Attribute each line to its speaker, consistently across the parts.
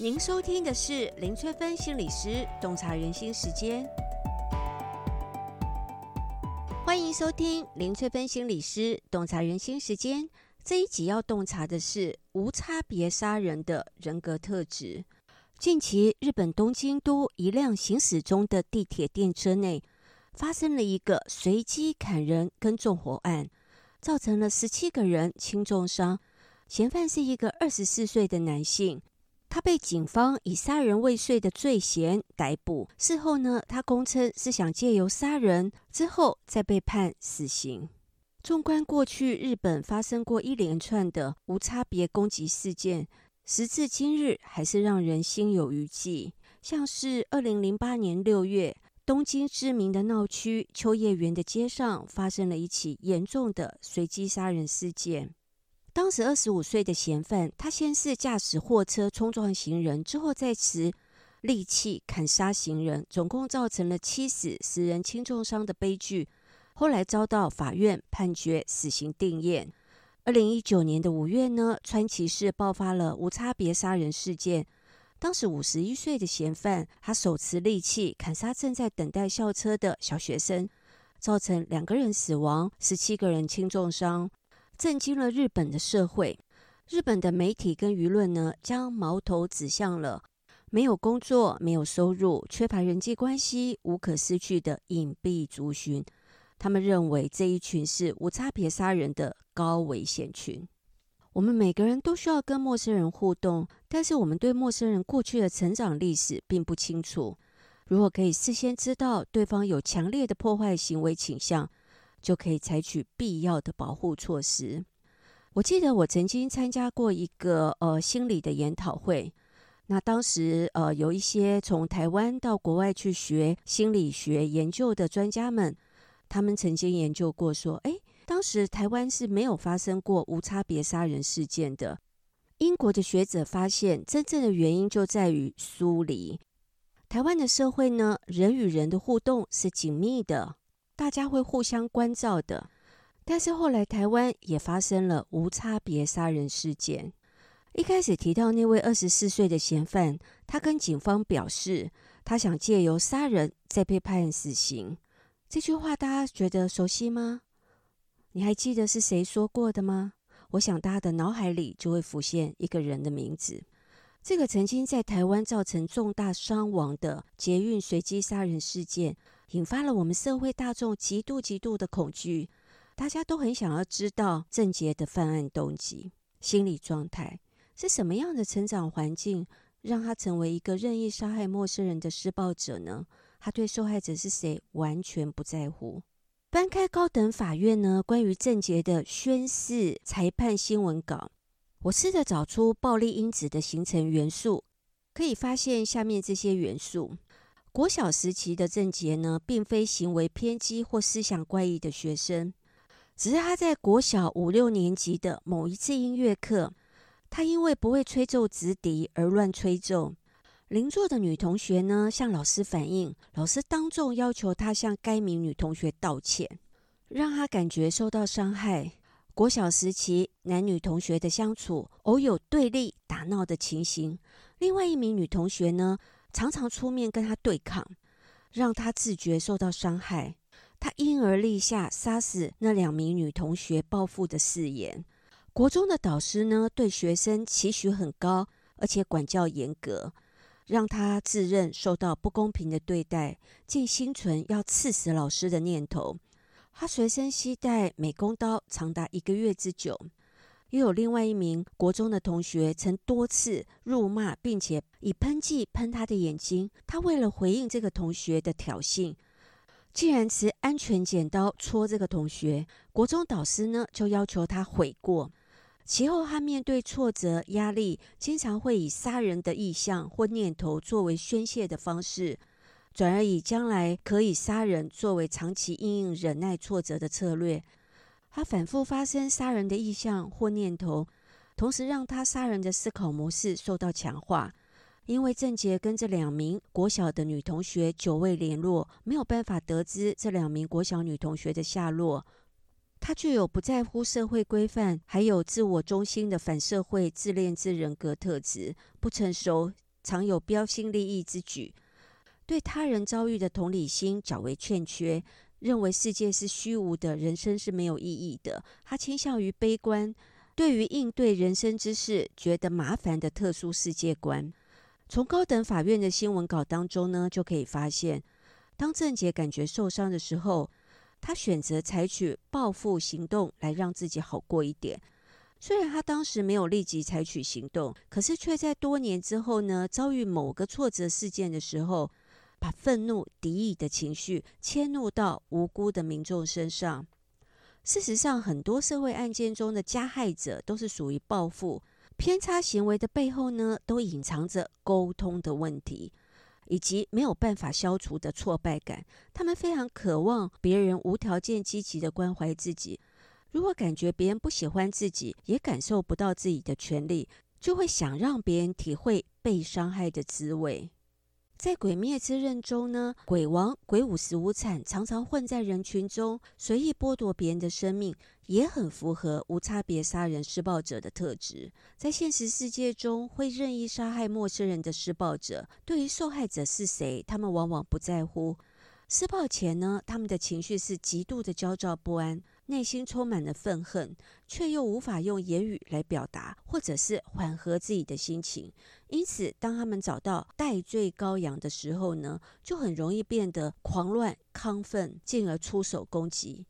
Speaker 1: 您收聽的是林翠芬心理師洞察人心時間。歡迎收聽林翠芬心理師洞察人心時間這一集，要洞察的是無差別殺人的人格特質。近期，日本東京都一輛行駛中的地鐵電車內發生了一個隨機砍人跟縱火案，造成了十七個人輕重傷。嫌犯是一個二十四歲的男性。他被警方以殺人未遂的罪嫌逮捕。事後呢，他供稱是想借由殺人之後再被判死刑。縱觀過去，日本發生過一連串的無差別攻擊事件，時至今日還是讓人心有餘悸。像是二零零八年六月，東京知名的鬧區秋葉原的街上，發生了一起嚴重的隨機殺人事件。當時二十五歲的嫌犯，他先是駕駛貨車衝撞行人，之後再持利器砍殺行人，總共造成了七死十人輕重傷的悲劇。後來遭到法院判決死刑定讞。二零一九年的五月呢，川崎市爆發了無差別殺人事件。當時五十一歲的嫌犯，他手持利器砍殺正在等待校車的小學生，造成兩個人死亡，十七個人輕重傷。震驚了日本的社會，日本的媒體跟輿論呢，將矛頭指向了沒有工作、沒有收入、缺乏人際關係、無可失去的隱蔽族群。他們認為這一群是無差別殺人的高危險群。我們每個人都需要跟陌生人互動，但是我們對陌生人過去的成長歷史並不清楚。如果可以事先知道對方有強烈的破壞行為傾向，就可以採取必要的保護措施。我記得我曾經參加過一個呃心理的研討會，那當時呃有一些從台灣到國外去學心理學研究的專家們，他們曾經研究過說，哎，當時台灣是沒有發生過無差別殺人事件的。英國的學者發現，真正的原因就在於疏離。台灣的社會呢，人與人的互動是緊密的。大家會互相關照的，但是後來台灣也發生了無差別殺人事件。一開始提到那位二十四歲的嫌犯，他跟警方表示，他想借由殺人再被判死刑。這句話大家覺得熟悉嗎？你還記得是誰說過的嗎？我想大家的腦海裡就會浮現一個人的名字。這個曾經在台灣造成重大傷亡的捷運隨機殺人事件，引發了我們社會大眾極度、極度的恐懼，大家都很想要知道鄭捷的犯案動機、心理狀態，是什麼樣的成長環境讓他成為一個任意殺害陌生人的施暴者呢？他對受害者是誰完全不在乎。翻開高等法院呢，關於鄭捷的宣示裁判新聞稿，我試着找出暴力因子的形成元素，可以發現下面這些元素。國小時期的鄭捷呢，並非行為偏激或思想怪異的學生，只是他在國小五六年級的某一次音樂課，他因為不會吹奏直笛而亂吹奏，鄰座的女同學呢，向老師反映，老師當眾要求他向該名女同學道歉，讓他感覺受到傷害。國小時期男女同學的相處，偶有對立打鬧的情形。另外一名女同學呢，常常出面跟他對抗，讓他自覺受到傷害。他因而立下殺死那兩名女同學報復的誓言。國中的導師呢，對學生期許很高，而且管教嚴格，讓他自認受到不公平的對待，竟心存要刺死老師的念頭。他隨身攜帶美工刀，長達一個月之久。又有另外一名國中的同學，曾多次辱罵，並且以噴劑噴他的眼睛。他為了回應這個同學的挑釁，竟然持安全剪刀戳這個同學。國中導師呢，就要求他悔過。其後，他面對挫折壓力，經常會以殺人的意向或念頭作為宣洩的方式，轉而以將來可以殺人作為長期因應忍耐挫折的策略。他反復發生殺人的意向或念頭，同時讓他殺人的思考模式受到強化。因為鄭捷跟這兩名國小的女同學久未聯絡，沒有辦法得知這兩名國小女同學的下落。他具有不在乎社會規範，還有自我中心的反社會自戀之人格特質，不成熟，常有標新立異之舉，對他人遭遇的同理心較為欠缺。認為世界是虛無的，人生是沒有意義的。他傾向於悲觀，對於應對人生之事覺得麻煩的特殊世界觀。從高等法院的新聞稿當中呢，就可以發現，當鄭捷感覺受傷的時候，他選擇採取報復行動來讓自己好過一點。雖然他當時沒有立即採取行動，可是卻在多年之後呢，遭遇某個挫折事件的時候。把憤怒、敵意的情緒遷怒到無辜的民眾身上。事實上，很多社會案件中的加害者都是屬於報復偏差行為的背後呢，都隱藏着溝通的問題，以及沒有辦法消除的挫敗感。他們非常渴望別人無條件、積極地關懷自己。如果感覺別人不喜歡自己，也感受不到自己的權利，就會想讓別人體會被傷害的滋味。在《鬼滅之刃》中呢，鬼王鬼舞辻無慘常常混在人群中，隨意剝奪別人的生命，也很符合無差別殺人施暴者的特質。在現實世界中，會任意殺害陌生人的施暴者，對於受害者是誰，他們往往不在乎。施暴前呢，他們的情緒是極度的焦躁不安。內心充滿了憤恨，卻又無法用言語來表達，或者是緩和自己的心情。因此，當他們找到代罪羔羊的時候呢，就很容易變得狂亂亢奮，進而出手攻擊。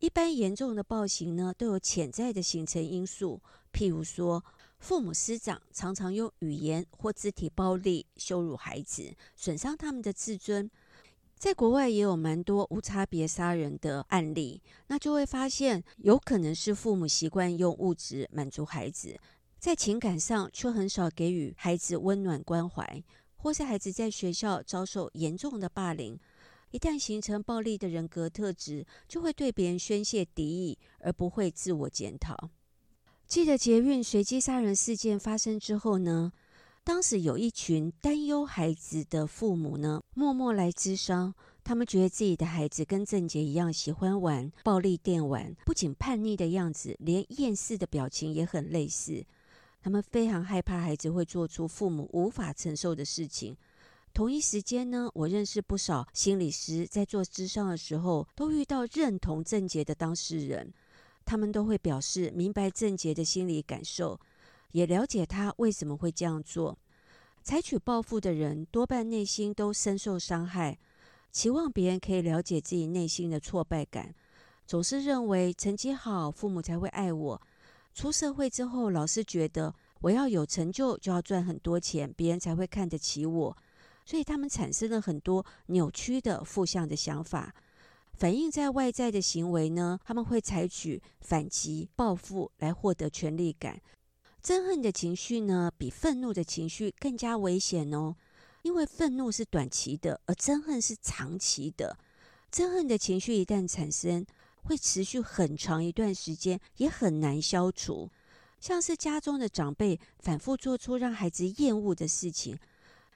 Speaker 1: 一般嚴重的暴行呢，都有潛在的形成因素，譬如說，父母師長常常用語言或肢體暴力羞辱孩子，損傷他們的自尊。在國外也有蠻多無差別殺人的案例，那就會發現有可能是父母習慣用物質滿足孩子，在情感上卻很少給予孩子溫暖關懷，或是孩子在學校遭受嚴重的霸凌，一旦形成暴力的人格特質，就會對別人宣洩敵意，而不會自我檢討。記得捷運隨機殺人事件發生之後呢，當時有一群擔憂孩子的父母呢，默默來諮商。他們覺得自己的孩子跟鄭捷一樣喜歡玩暴力電玩，不僅叛逆的樣子，連厭世的表情也很類似。他們非常害怕孩子會做出父母無法承受的事情。同一時間呢，我認識不少心理師，在做諮商的時候都遇到認同鄭捷的當事人，他們都會表示明白鄭捷的心理感受。也了解他為什麼會這樣做。採取報復的人，多半內心都深受傷害，期望別人可以了解自己內心的挫敗感。總是認為成績好，父母才會愛我；出社會之後，老是覺得我要有成就，就要賺很多錢，別人才會看得起我。所以他們產生了很多扭曲的負向的想法，反映在外在的行為呢，他們會採取反擊、報復來獲得權力感。憎恨的情緒呢，比憤怒的情緒更加危險哦，因為憤怒是短期的，而憎恨是長期的。憎恨的情緒一旦產生，會持續很長一段時間，也很難消除。像是家中的長輩反覆做出讓孩子厭惡的事情，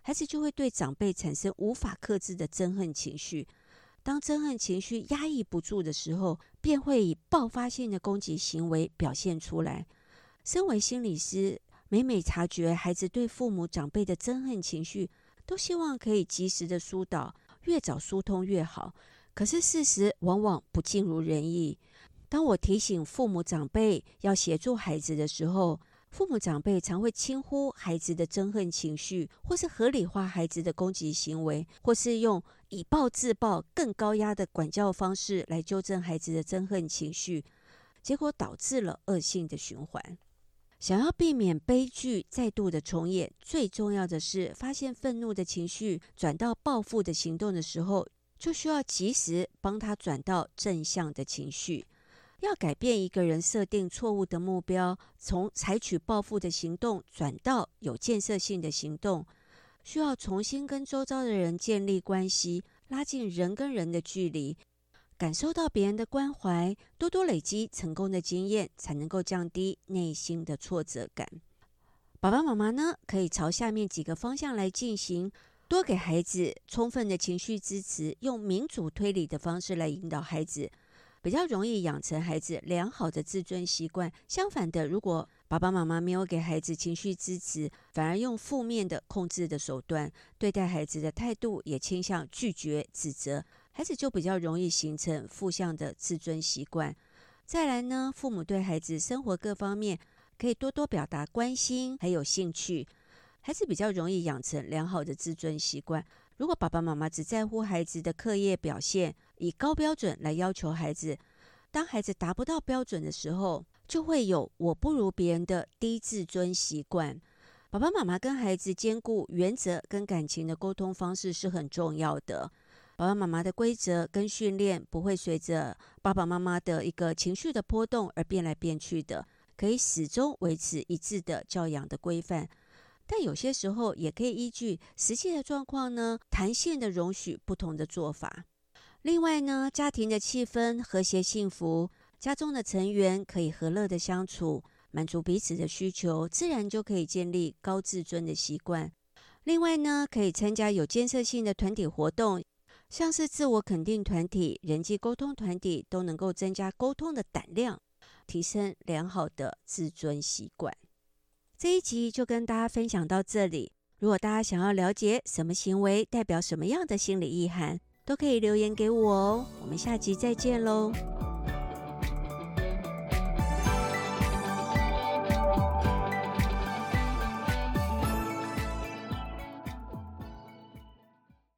Speaker 1: 孩子就會對長輩產生無法克制的憎恨情緒。當憎恨情緒壓抑不住的時候，便會以爆發性的攻擊行為表現出來。身為心理師，每每察覺孩子對父母長輩的憎恨情緒，都希望可以及時的疏導，越早疏通越好。可是事實往往不盡如人意。當我提醒父母長輩要協助孩子的時候，父母長輩常會輕忽孩子的憎恨情緒，或是合理化孩子的攻擊行為，或是用以暴制暴、更高壓的管教方式來糾正孩子的憎恨情緒，結果導致了惡性的循環。想要避免悲劇再度的重演，最重要的是發現憤怒的情緒轉到報復的行動的時候，就需要及時幫他轉到正向的情緒。要改變一個人設定錯誤的目標，從採取報復的行動轉到有建設性的行動，需要重新跟周遭的人建立關係，拉近人跟人的距離。感受到別人的關懷，多多累積成功的經驗，才能夠降低內心的挫折感。爸爸媽媽呢，可以朝下面幾個方向來進行：多給孩子充分的情緒支持，用民主推理的方式來引導孩子，比較容易養成孩子良好的自尊習慣。相反的，如果爸爸媽媽沒有給孩子情緒支持，反而用負面的控制的手段對待孩子的態度，也傾向拒絕指責。孩子就比較容易形成負向的自尊習慣。再來呢，父母對孩子生活各方面可以多多表達關心，還有興趣。孩子比較容易養成良好的自尊習慣。如果爸爸媽媽只在乎孩子的課業表現，以高標準來要求孩子，當孩子達不到標準的時候，就會有我不如別人的低自尊習慣。爸爸媽媽跟孩子兼顧原則跟感情的溝通方式是很重要的。爸爸媽媽的規則跟訓練不會隨着爸爸媽媽的一個情緒的波動而變來變去的，可以始終維持一致的教養的規範。但有些時候也可以依據實際的狀況呢，彈性的容許不同的做法。另外呢，家庭的氣氛和諧幸福，家中的成員可以和樂的相處，滿足彼此的需求，自然就可以建立高自尊的習慣。另外呢，可以參加有建設性的團體活動。像是自我肯定團體、人際溝通團體，都能夠增加溝通的膽量，提升良好的自尊習慣。這一集就跟大家分享到這裡。如果大家想要了解什麼行為代表什麼樣的心理意涵，都可以留言給我哦。我們下集再見嘍。